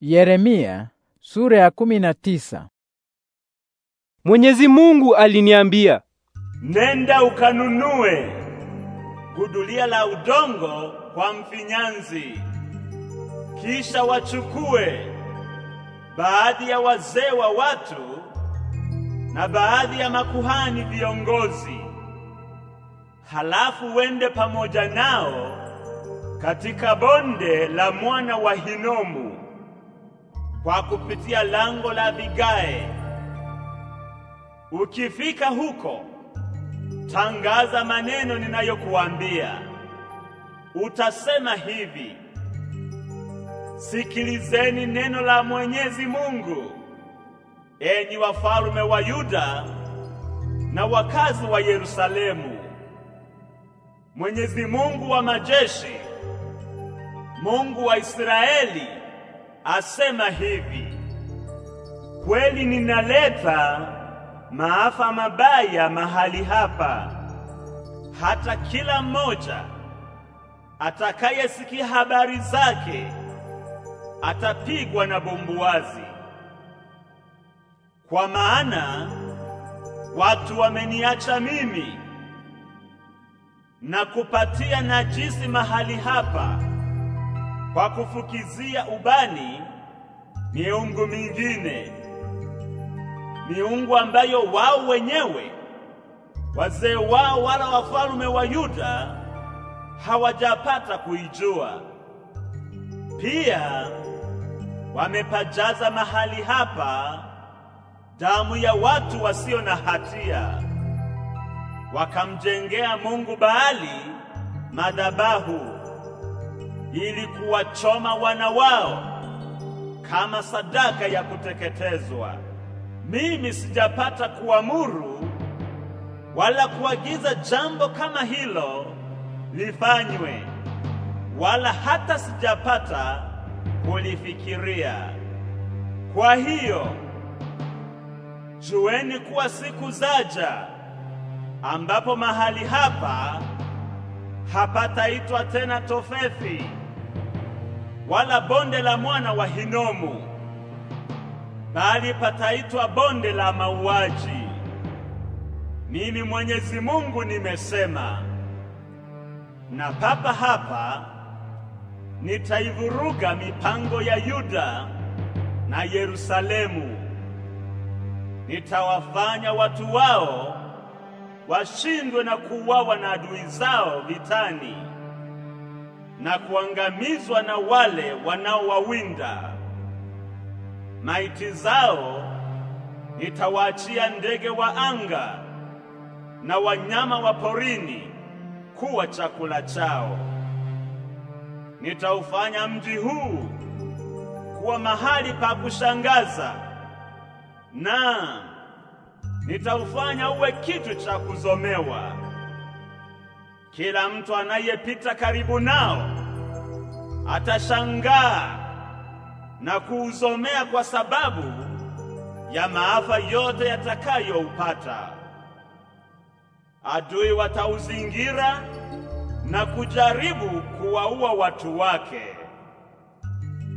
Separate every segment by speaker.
Speaker 1: Yeremia sura ya kumi na tisa. Mwenyezi Mungu aliniambia, nenda ukanunue gudulia la udongo kwa mfinyanzi, kisha wachukue baadhi ya wazee wa watu na baadhi ya makuhani viongozi, halafu wende pamoja nao katika bonde la mwana wa Hinomu kwa kupitia lango la vigae. Ukifika huko, tangaza maneno ninayokuambia. Utasema hivi: Sikilizeni neno la Mwenyezi Mungu, enyi wafalme wa Yuda na wakazi wa Yerusalemu. Mwenyezi Mungu wa majeshi, Mungu wa Israeli asema hivi, kweli ninaleta maafa mabaya mahali hapa, hata kila mmoja atakayesikia habari zake atapigwa na bumbuazi. Kwa maana watu wameniacha mimi na kupatia najisi mahali hapa kwa kufukizia ubani miungu mingine, miungu ambayo wao wenyewe wazee wao wala wafalume wa Yuda hawajapata kuijua. Pia wamepajaza mahali hapa damu ya watu wasio na hatia, wakamjengea Mungu Baali madhabahu ili kuwachoma wana wao kama sadaka ya kuteketezwa. Mimi sijapata kuamuru wala kuagiza jambo kama hilo lifanywe, wala hata sijapata kulifikiria. Kwa hiyo jueni kuwa siku zaja ambapo mahali hapa hapataitwa tena Tofethi wala bonde la mwana wa Hinomu, bali pataitwa bonde la mauaji. Mimi Mwenyezi Mungu nimesema, na papa hapa nitaivuruga mipango ya Yuda na Yerusalemu, nitawafanya watu wao washindwe na kuuawa na adui zao vitani na kuangamizwa na wale wanaowawinda. Maiti zao nitawaachia ndege wa anga na wanyama wa porini kuwa chakula chao. Nitaufanya mji huu kuwa mahali pa kushangaza na nitaufanya uwe kitu cha kuzomewa. Kila mtu anayepita karibu nao atashangaa na kuuzomea kwa sababu ya maafa yote yatakayoupata. Adui watauzingira na kujaribu kuwaua watu wake.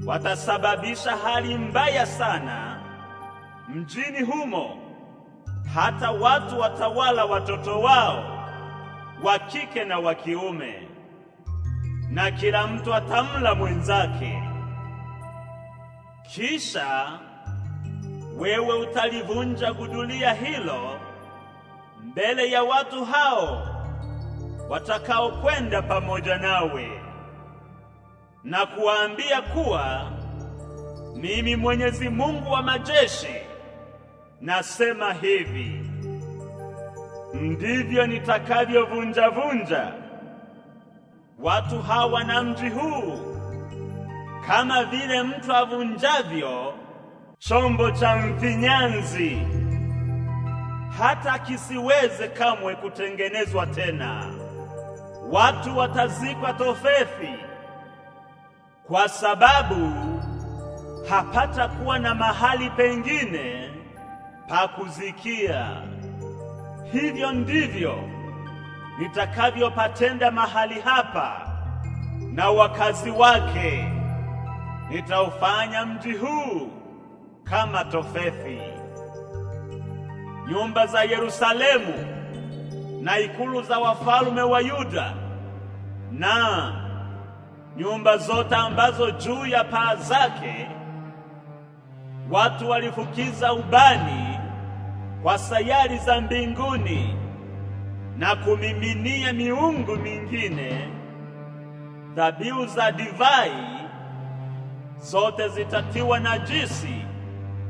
Speaker 1: Watasababisha hali mbaya sana mjini humo hata watu watawala watoto wao wa kike na wa kiume, na kila mtu atamla mwenzake. Kisha wewe utalivunja gudulia hilo mbele ya watu hao watakaokwenda pamoja nawe, na kuwaambia kuwa mimi Mwenyezi Mungu wa majeshi nasema hivi, ndivyo nitakavyovunjavunja watu hawa na mji huu, kama vile mtu avunjavyo chombo cha mfinyanzi, hata kisiweze kamwe kutengenezwa tena. Watu watazikwa Tofethi, kwa sababu hapata kuwa na mahali pengine pa kuzikia. Hivyo ndivyo nitakavyopatenda mahali hapa na wakazi wake, nitaufanya mji huu kama Tofethi. Nyumba za Yerusalemu na ikulu za wafalume wa Yuda na nyumba zote ambazo juu ya paa zake watu walifukiza ubani kwa sayari za mbinguni na kumiminia miungu mingine dhabihu za divai, zote zitatiwa najisi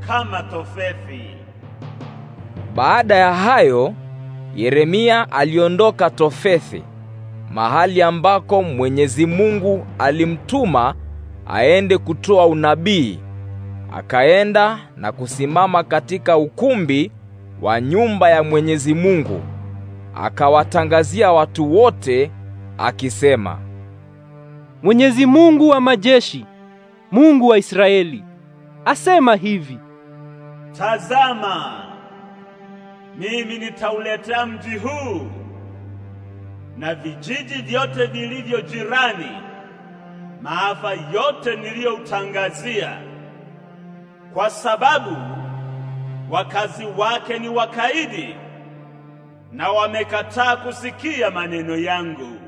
Speaker 1: kama tofefi. Baada ya hayo, Yeremia aliondoka Tofethi, mahali ambako Mwenyezi Mungu alimtuma aende kutoa unabii. Akaenda na kusimama katika ukumbi wa nyumba ya Mwenyezi Mungu akawatangazia watu wote akisema, Mwenyezi Mungu wa majeshi, Mungu wa Israeli, asema hivi: Tazama, mimi nitauletea mji huu na vijiji vyote vilivyo jirani maafa yote niliyoutangazia, kwa sababu wakazi wake ni wakaidi na wamekataa kusikia maneno yangu.